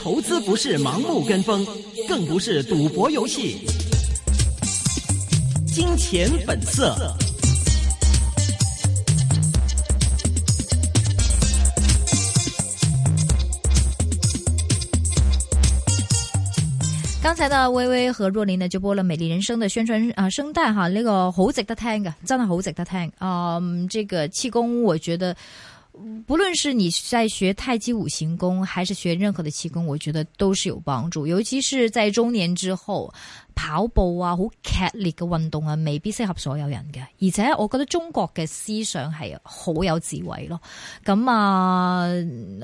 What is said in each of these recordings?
投資不是盲目跟風，更不是賭博遊戲。金錢本色。剛才的微微和若琳呢，就播了《美麗人生》的宣傳啊聲帶哈，那個好值得聽的，真的好值得聽啊！嗯，這個氣功，我覺得。不論是你在學太極五行功，還是學任何的氣功，我覺得都是有幫助。尤其是在中年之後，跑步啊，好劇烈嘅運動啊，未必適合所有人嘅。而且我覺得中國嘅思想係好有智慧咯。咁啊，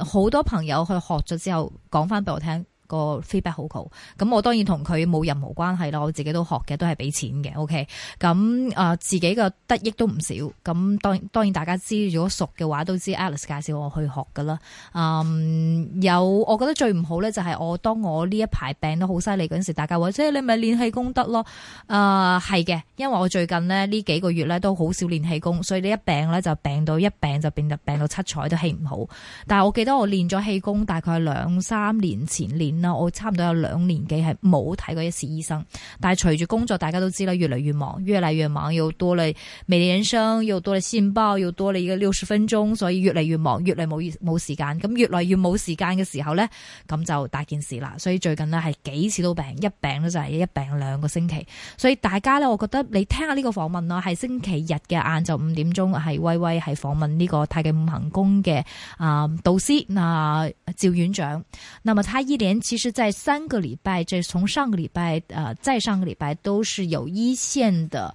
好多朋友去學咗之後，講翻俾我聽。個 feedback 好好，咁我當然同佢冇任何關係啦。我自己都學嘅，都係俾錢嘅。OK，咁啊、呃，自己嘅得益都唔少。咁當然當然大家知，如果熟嘅話都知，Alice 介紹我去學噶啦。嗯，有我覺得最唔好呢就係我當我呢一排病得好犀利嗰陣時，大家話即係你咪練氣功得咯。啊、呃，係嘅，因為我最近呢幾個月呢都好少練氣功，所以你一病呢就病到一病就變就病到七彩都氣唔好。但係我記得我練咗氣功大概兩三年前練。我差唔多有兩年幾係冇睇過一次醫生，但係隨住工作，大家都知啦，越嚟越忙，越嚟越忙，要多你未理醫生，要多你先包，要多你個六十分鐘，所以越嚟越忙，越嚟冇冇時間，咁越嚟越冇時間嘅時候呢，咁就大件事啦。所以最近呢係幾次都病，一病呢就係一病兩個星期。所以大家呢，我覺得你聽下呢個訪問咯，係星期日嘅晏晝五點鐘，係威威係訪問呢個太極五行宮嘅啊導師嗱趙、呃、院長，那麼太醫年其實，在三個禮拜，這從上個禮拜，呃，再上個禮拜，都是有一線的。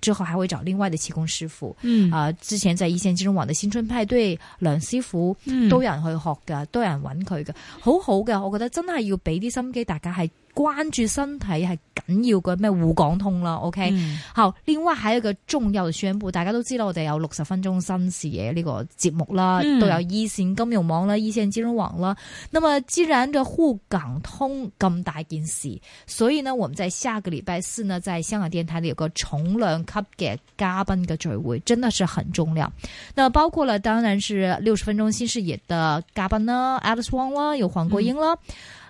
之後還會找另外的氣功師傅，嗯啊，之前在一線金融網的新春派對，梁師傅都有人去學噶，嗯、都有人揾佢噶，好好嘅，我覺得真係要俾啲心機，大家係。關注身體係緊要嘅咩？互港通啦，OK、嗯。好，另外喺一個重要嘅宣布，大家都知道我哋有六十分鐘新視野呢個節目啦，嗯、都有二線金融網啦，二線金融網啦。那麼既然個互港通咁大一件事，所以呢，我們在下個禮拜四呢，在香港電台裏有個重量 cup 嘅嘎巴嘅聚會，真的是很重要。那包括了，當然是六十分鐘新視野的嘎巴呢，Alex w o n g 啦，有黃國英啦。嗯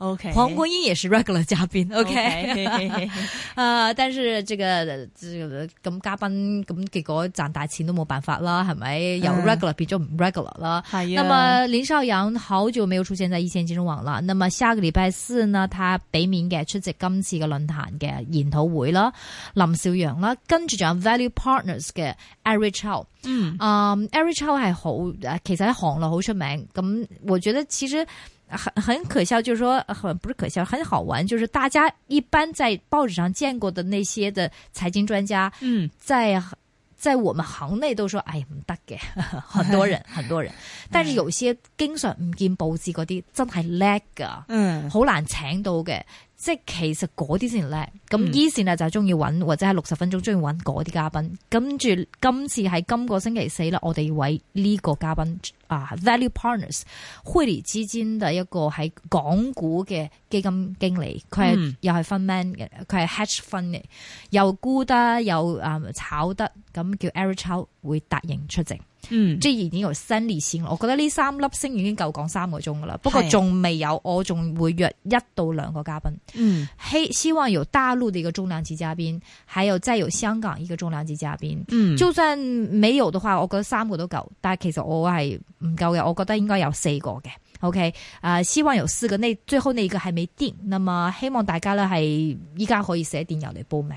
O Okay . K，黃冠英也是 regular 嘉賓，O K，啊，但是這個咁嘉賓咁結果賺大錢都冇辦法啦，係咪？有 regular 變咗唔 regular 啦。係、啊。那麼林少陽好久沒有出現在一線金融網啦。哎、呀那麼下個禮拜四呢，他俾面嘅出席今次嘅論壇嘅研討會啦，林少陽啦，跟住仲有 Value Partners 嘅 Eric Chow，嗯，啊、呃、，Eric Chow 係好，其實喺行內好出名，咁我覺得其實。很很可笑，就是說很、啊、不是可笑，很好玩。就是大家一般在報紙上見過的那些的財經專家，嗯，在在我們行內都說，哎唔得嘅，很多人 很多人。但是有些經常唔見報紙嗰啲，真係叻㗎，嗯，好難請到嘅。即係其實嗰啲先叻，咁、嗯、依線啊就係中意揾，或者係六十分鐘中意揾嗰啲嘉賓，跟住今次喺今個星期四啦，我哋要為呢個嘉賓啊，Value Partners 惠理基金的一個喺港股嘅基金經理，佢係、嗯、又係 fund man 嘅，佢係 hedge fund 嘅，又沽得又啊、嗯、炒得，咁叫 Eric Chow 會答應出席。嗯，即係已經由新年先，我覺得呢三粒星已經夠講三個鐘噶啦。不過仲未有，啊、我仲會約一到兩個嘉賓。嗯，希希望有大陸的一個重量級嘉賓，還有再有香港一個重量級嘉賓。嗯，就算沒有的話，我覺得三個都夠，但係其實我係唔夠嘅。我覺得應該有四個嘅。OK，啊、呃，希望有四個。呢最後呢一個係未定，那麼希望大家呢係依家可以寫電郵嚟報名。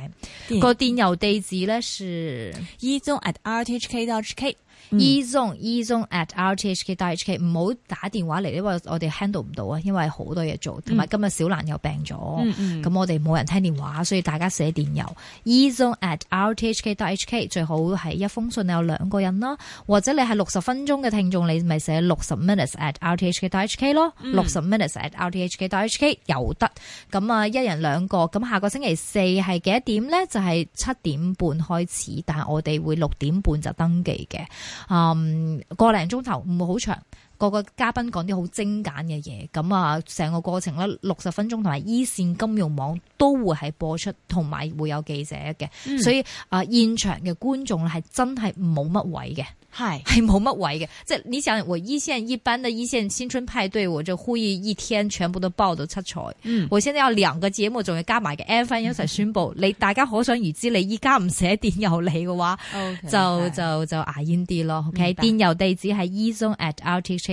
電那個電郵地址呢是伊忠 at rthk.hk。Ezone、嗯、Ezone at rthk.hk 唔好打電話嚟，因為我哋 handle 唔到啊，因為好多嘢做，同埋今日小蘭又病咗，咁、嗯、我哋冇人聽電話，所以大家寫電郵。Ezone at rthk.hk 最好係一封信有兩個人啦，或者你係六十分鐘嘅聽眾，你咪寫六十 minutes at rthk.hk 咯，六十、嗯、minutes at rthk.hk 又得。咁啊，一人兩個。咁下個星期四係幾多點咧？就係七點半開始，但係我哋會六點半就登記嘅。啊，個零鐘頭唔會好長。個個嘉賓講啲好精簡嘅嘢，咁啊，成個過程咧六十分鐘，同埋 e 線金融網都會係播出，同埋會有記者嘅，嗯、所以啊、呃，現場嘅觀眾咧係真係冇乜位嘅，係係冇乜位嘅，即係呢次我依線一班咧，e 線新、e、春派對，我就呼籲一天全部都報到七彩，嗯，我現在有兩個節目，仲要加埋嘅 everyone 一齊宣布，嗯、你大家可想而知，你依家唔寫電郵你嘅話，okay，就是就就牙煙啲咯，OK，白電郵地址係 ezone at r t X,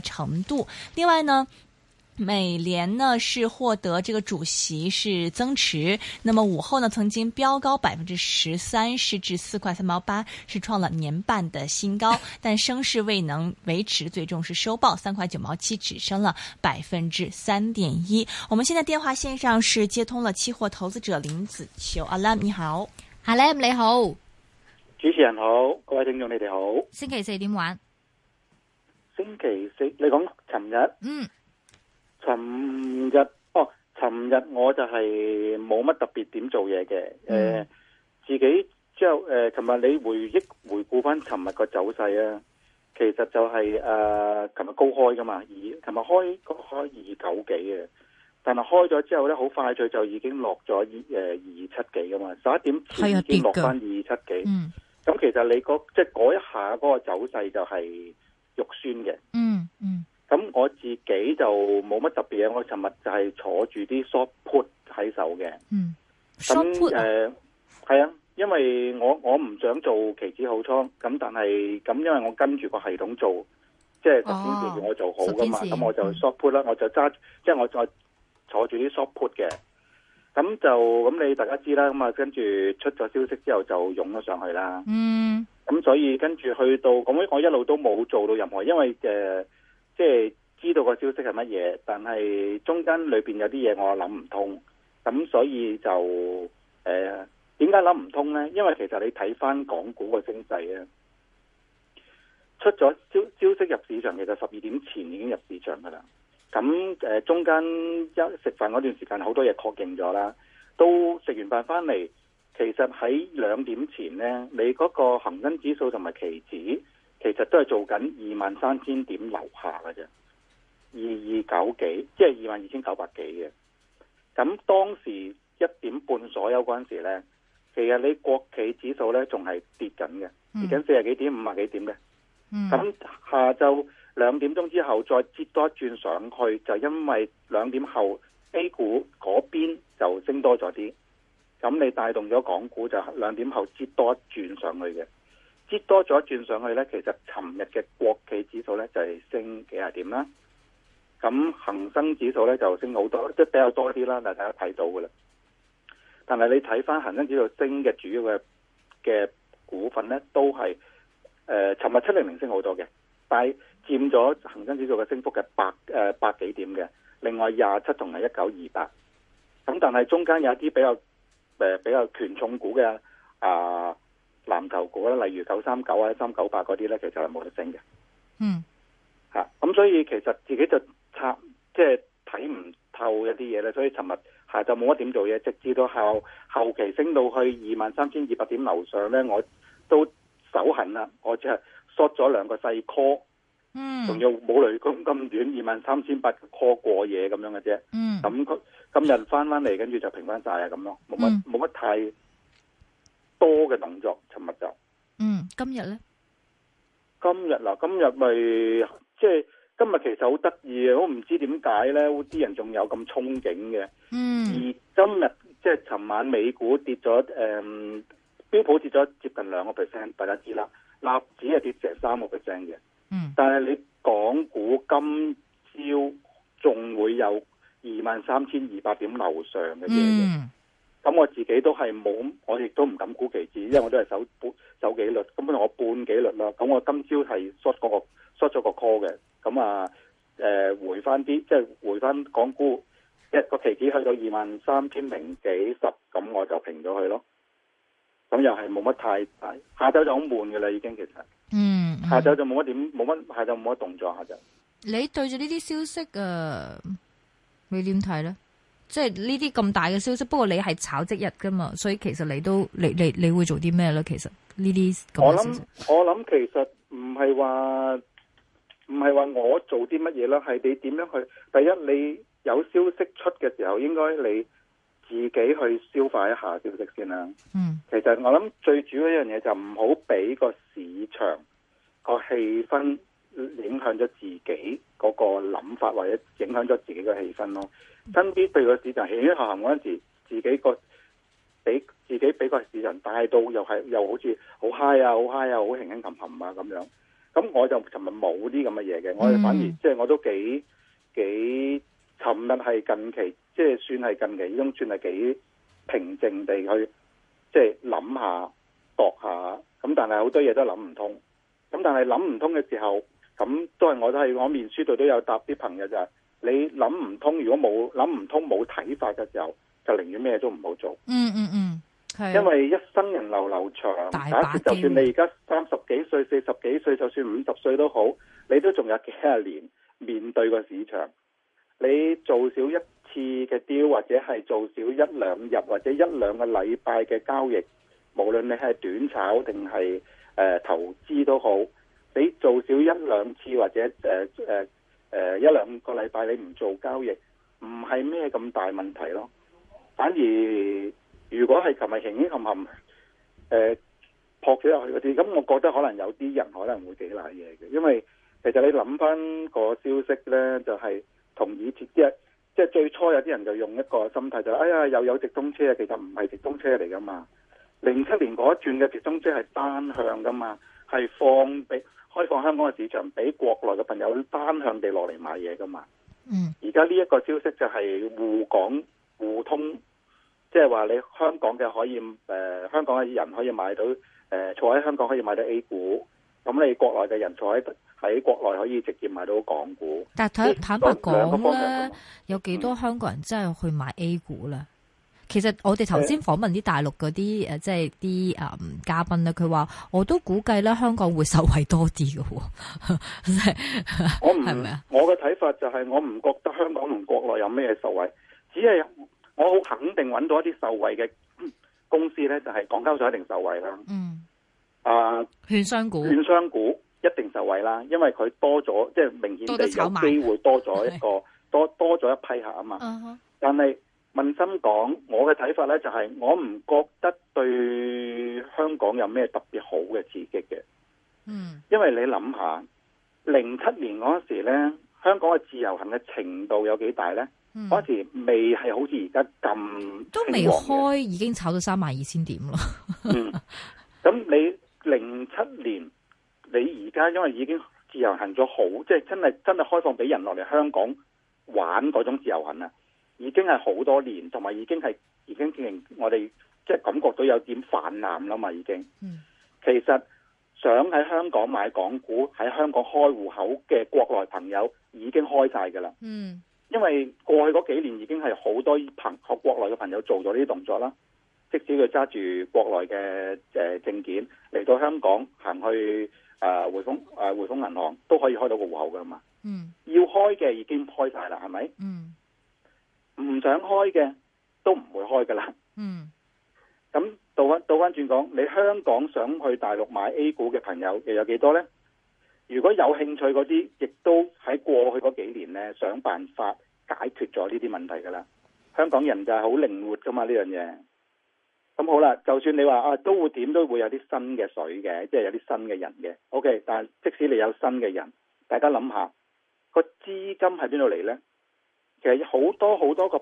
程度。另外呢，美聯呢是獲得這個主席是增持。那麼午後呢，曾經飆高百分之十三，是至四塊三毛八，是創了年半的新高，但升勢未能維持，最終是收報三塊九毛七，只升了百分之三點一。我們現在電話線上是接通了期貨投資者林子球。阿 Lam 你好，阿 Lam 你好，主持人好，各位聽眾你哋好，星期四點玩。星期四，你講尋日，尋日、嗯、哦，尋日我就係冇乜特別點做嘢嘅。誒、嗯呃，自己之後誒，尋日、呃、你回憶回顧翻尋日個走勢啊，其實就係、是、誒，尋、呃、日高開噶嘛，二尋日開開二九幾嘅，但係開咗之後咧，好快脆就，就已經落咗二誒二七幾噶嘛，十一點先跌落翻二七幾。咁其實你嗰即係嗰一下嗰個走勢就係、是。肉酸嘅、嗯，嗯嗯，咁我自己就冇乜特別嘢，我尋日就係坐住啲 short put 喺手嘅，嗯 s 誒那，係啊、呃，因為我我唔想做期指好倉，咁但係咁因為我跟住個系統做，即係系統叫我做好㗎嘛，咁、哦、我就 short put 啦，我就揸，即、就、係、是、我我坐住啲 short put 嘅，咁就咁你大家知啦，咁啊跟住出咗消息之後就湧咗上去啦，嗯。咁所以跟住去到，咁我一路都冇做到任何，因為誒，即係知道個消息係乜嘢，但係中間裏邊有啲嘢我諗唔通，咁所以就誒，點解諗唔通呢？因為其實你睇翻港股個升勢咧，出咗消息入市場，其實十二點前已經入市場噶啦。咁誒，中間一食飯嗰段時間，好多嘢確認咗啦，都食完飯翻嚟。其實喺兩點前呢，你嗰個恒生指數同埋期指，其實都係做緊二萬三千點樓下嘅啫，二二九幾，即係二萬二千九百幾嘅。咁當時一點半左右嗰陣時呢，其實你國企指數呢仲係跌緊嘅，跌緊四十幾點五十幾點嘅。咁下晝兩點鐘之後再折多一轉上去，就因為兩點後 A 股嗰邊就升多咗啲。咁你帶動咗港股就兩點後折多一轉上去嘅，折多咗一轉上去咧，其實尋日嘅國企指數咧就係升幾廿點啦，咁恒生指數咧就升好多，即係比較多啲啦，大家都睇到嘅啦。但係你睇翻恒生指數升嘅主要嘅嘅股份咧，都係誒尋日七零零升好多嘅，但係佔咗恒生指數嘅升幅嘅百、呃、百幾點嘅，另外廿七同埋一九二八，咁但係中間有啲比較。誒，比較權重股嘅啊藍籌股咧，例如九三九啊、三九八嗰啲咧，其實係冇得升嘅，嗯啊。嗯。吓，咁所以其實自己就拆，即係睇唔透一啲嘢咧。所以尋日下晝冇乜點做嘢，直至到後後期升到去二萬三千二百點樓上咧，我都手痕啦，我只係 short 咗兩個細 call。嗯。仲要冇雷公咁遠，二萬三千八 call 過夜咁樣嘅啫。嗯。咁佢、嗯。今日翻翻嚟，跟住就平翻晒啊！咁咯，冇乜冇乜太多嘅動作，尋日就嗯，今日咧？今日啦、就是，今日咪即係今日其實好得意啊！我唔知點解咧，啲人仲有咁憧憬嘅。嗯，而今日即係尋晚美股跌咗，誒、嗯，標普跌咗接近兩個 percent，大家知啦。納指係跌成三個 percent 嘅，嗯，但係你港股今朝仲會有。二萬三千二百點樓上嘅嘢嘢，咁、嗯、我自己都係冇，我亦都唔敢估期指，因為我都係守半守紀律，咁我半紀律啦。咁我今朝係 short 嗰個 short 咗個 call 嘅，咁啊，誒、呃，回翻啲即係回翻港股一個期指去到二萬三千零幾十，咁我就平咗佢咯。咁又係冇乜太大，下晝就好悶嘅啦，已經其實。嗯，嗯下晝就冇乜點，冇乜下晝冇乜動作下晝。你對住呢啲消息啊？你點睇呢？即係呢啲咁大嘅消息，不過你係炒即日噶嘛，所以其實你都你你，你會做啲咩呢？其實呢啲我諗我諗，其實唔係話唔係話我做啲乜嘢啦，係你點樣去？第一，你有消息出嘅時候，應該你自己去消化一下消息先啦。嗯，其實我諗最主要一樣嘢就唔好俾個市場個氣氛。影響咗自己嗰個諗法，或者影響咗自己嘅氣氛咯。身邊對個市場起起行行嗰陣時，輕輕走走的時候，自己個比自己比個市場帶到又係又好似好嗨啊，好嗨啊，好輕輕冚冚啊咁樣。咁我就尋日冇啲咁嘅嘢嘅，mm. 我哋反而即係、就是、我都幾幾尋日係近期，即、就、係、是、算係近期，已經算係幾平靜地去即係諗下度下。咁但係好多嘢都諗唔通。咁但係諗唔通嘅時候，咁都係，我都喺我面書度都有答啲朋友就係，你諗唔通，如果冇諗唔通冇睇法嘅時候，就寧願咩都唔好做。嗯嗯嗯，係，因為一生人流流長，假設，就算你而家三十幾歲、四十幾歲，就算五十歲都好，你都仲有幾廿年面對個市場。你做少一次嘅丟，或者係做少一兩日，或者一兩個禮拜嘅交易，無論你係短炒定係誒投資都好。你做少一兩次或者誒誒、呃呃、一兩個禮拜你唔做交易，唔係咩咁大問題咯。反而如果係琴日行停冚冚，誒、呃、撲咗落去嗰啲，咁我覺得可能有啲人可能會幾賴嘢嘅，因為其實你諗翻個消息咧，就係、是、同以前一樣。即係最初有啲人就用一個心態就是，哎呀又有直通車啊，其實唔係直通車嚟噶嘛。零七年嗰一轉嘅直通車係單向噶嘛，係放俾。開放香港嘅市場，俾國內嘅朋友單向地落嚟買嘢噶嘛？嗯，而家呢一個消息就係互港互通，即係話你香港嘅可以誒、呃，香港嘅人可以買到誒、呃，坐喺香港可以買到 A 股，咁你國內嘅人坐喺喺國內可以直接買到港股。但係坦白講咧，嗯、有幾多香港人真係去買 A 股咧？其實我哋頭先訪問啲大陸嗰啲誒，即係啲誒嘉賓咧，佢話我都估計咧，香港會受惠多啲嘅。我唔，我嘅睇法就係我唔覺得香港同國內有咩受惠，只係我好肯定搵到一啲受惠嘅公司咧，就係、是、港交所一定受惠啦。嗯，啊、呃，券商股，券商股一定受惠啦，因為佢多咗，即係明顯地有機會多咗一個多多咗一，是一批客啊嘛。Uh huh. 但係問心講，我嘅睇法咧就係，我唔覺得對香港有咩特別好嘅刺激嘅。嗯，因為你諗下，零七年嗰時咧，香港嘅自由行嘅程度有幾大咧？嗯，嗰時未係好似而家咁，都未開，已經炒到三萬二千點咯。 嗯，咁你零七年，你而家因為已經自由行咗好，即係真係真係開放俾人落嚟香港玩嗰種自由行啊！已經係好多年，同埋已經係已經認我哋即係感覺到有點氾濫啦嘛，已經。嗯，其實想喺香港買港股、喺香港開戶口嘅國內朋友已經開晒㗎啦。嗯，因為過去嗰幾年已經係好多朋友國內嘅朋友做咗呢啲動作啦，即使佢揸住國內嘅誒證件嚟到香港行去誒匯豐誒匯豐銀行都可以開到個戶口㗎嘛。嗯，要開嘅已經開晒啦，係咪？嗯。唔想開嘅都唔會開噶啦。嗯，咁倒翻倒翻轉講，你香港想去大陸買 A 股嘅朋友又有幾多呢？如果有興趣嗰啲，亦都喺過去嗰幾年呢，想辦法解決咗呢啲問題噶啦。香港人就係好靈活噶嘛呢樣嘢。咁好啦，就算你話啊，都會點都會有啲新嘅水嘅，即係有啲新嘅人嘅。OK，但係即使你有新嘅人，大家諗下個資金喺邊度嚟呢？其實好多好多個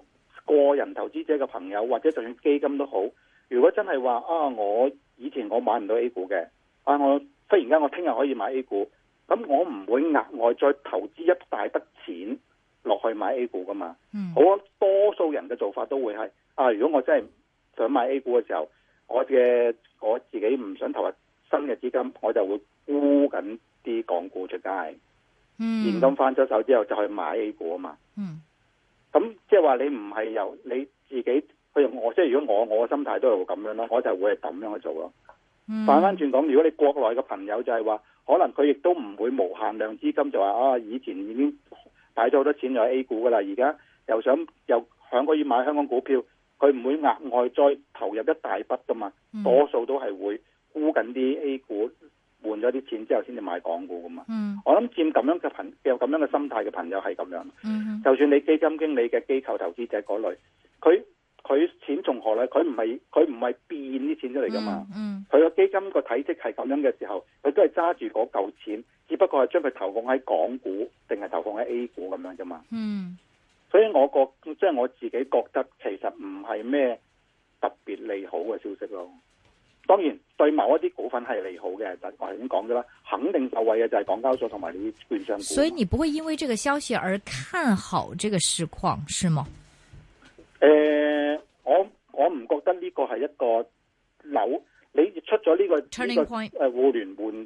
個人投資者嘅朋友，或者就算基金都好，如果真係話啊，我以前我買唔到 A 股嘅，啊我忽然間我聽日可以買 A 股，咁我唔會額外再投資一大筆錢落去買 A 股㗎嘛。嗯，好，多數人嘅做法都會係啊，如果我真係想買 A 股嘅時候，我嘅我自己唔想投入新嘅資金，我就會沽緊啲港股出街，嗯，現金翻咗手之後就去買 A 股啊嘛，嗯。咁即係話你唔係由你自己，譬如我，即係如果我，我嘅心態都係咁樣咯，我就會係咁樣去做咯。嗯、反翻轉講，如果你國內嘅朋友就係話，可能佢亦都唔會無限量資金就，就話啊以前已經擺咗好多錢喺 A 股噶啦，而家又想又想可以買香港股票，佢唔會額外再投入一大筆噶嘛，多數都係會沽緊啲 A 股。換咗啲錢之後，先至買港股噶嘛？嗯、我諗占咁樣嘅朋有咁樣嘅心態嘅朋友係咁樣。嗯、哼就算你基金經理嘅機構投資者嗰類，佢佢錢從何嚟？佢唔係佢唔係變啲錢出嚟噶嘛？佢個、嗯嗯、基金個體積係咁樣嘅時候，佢都係揸住嗰嚿錢，只不過係將佢投放喺港股定係投放喺 A 股咁樣啫嘛。嗯、所以，我覺即係、就是、我自己覺得，其實唔係咩特別利好嘅消息咯。當然對某一啲股份係利好嘅，就我頭先講咗啦。肯定受惠嘅就係港交所同埋你券。券商股。所以你不會因為這個消息而看好這個市況，是嗎？誒、呃，我我唔覺得呢個係一個樓。你出咗呢、這個誒 Turning point、這個，互聯互通，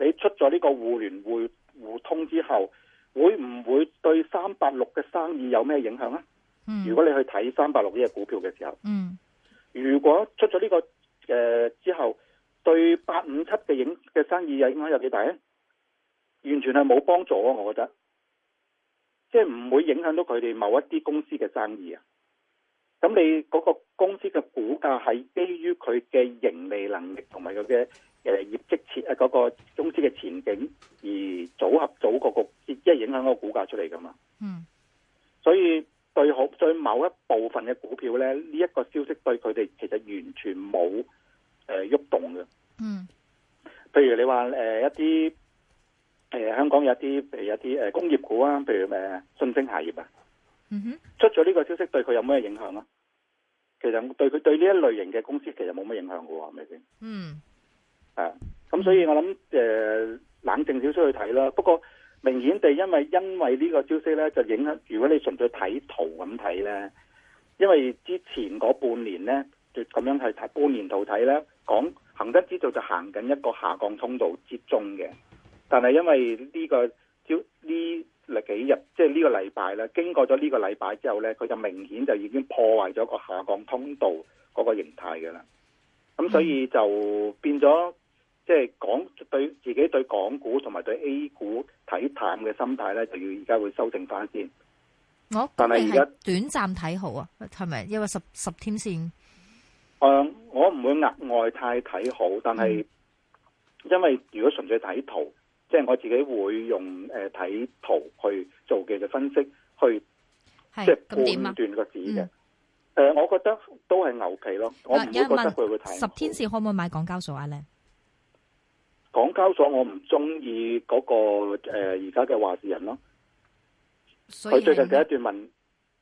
你出咗呢個互聯互通互通之後，會唔會對三百六嘅生意有咩影響啊？嗯，如果你去睇三百六呢隻股票嘅時候，嗯，如果出咗呢、這個。誒，之後對八五七嘅影嘅生意影響有影響有幾大咧？完全係冇幫助啊！我覺得，即係唔會影響到佢哋某一啲公司嘅生意啊。咁你嗰個公司嘅股價係基於佢嘅盈利能力同埋佢嘅誒業績設啊嗰個公司嘅前景而組合組個局，即係影響個股價出嚟噶嘛？嗯，所以。最好在某一部分嘅股票咧，呢、這、一個消息對佢哋其實完全冇誒喐動嘅。嗯，譬如你話誒、呃、一啲誒、呃、香港有一啲譬如一啲誒、呃、工業股啊，譬如咩、呃、信星鞋業啊。嗯、哼，出咗呢個消息對佢有咩影響啊？其實對佢對呢一類型嘅公司其實冇咩影響嘅喎，係咪先？嗯。啊，咁所以我諗誒、呃、冷靜少少去睇啦。不過。明顯地因，因為因為呢個消息咧，就影響如果你純粹睇圖咁睇咧，因為之前嗰半年咧就咁樣係睇半年圖睇咧，講恒生指數就行緊一個下降通道之中嘅。但係因為呢、這個招呢嚟幾日，即係呢個禮拜咧，經過咗呢個禮拜之後咧，佢就明顯就已經破壞咗個下降通道嗰個形態㗎啦。咁所以就變咗。嗯即係講對自己對港股同埋對 A 股睇淡嘅心態咧，就要而家會修正翻先。我但係而家短暫睇好啊，係咪？因為十十天線。誒、嗯，我唔會額外太睇好，但係因為如果純粹睇圖，即係我自己會用誒睇圖去做嘅嘅分析去斷，去即係判斷個市嘅。誒、嗯嗯，我覺得都係牛皮咯。我唔覺得佢會睇。十天線可唔可以買港交所啊？呢？港交所我唔中意嗰個誒而家嘅話事人咯，佢以最近第一段文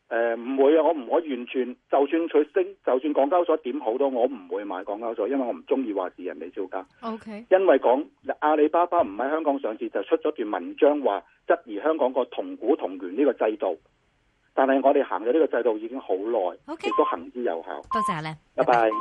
誒唔、呃、會啊，我唔可完全就算佢升，就算港交所點好都，我唔會買港交所，因為我唔中意話事人嚟招架。O Okay . K，因為講阿里巴巴唔喺香港上市就出咗段文章話質疑香港個同股同權呢個制度，但係我哋行咗呢個制度已經好耐，亦 Okay. 都行之有效。多謝咧，拜拜。拜拜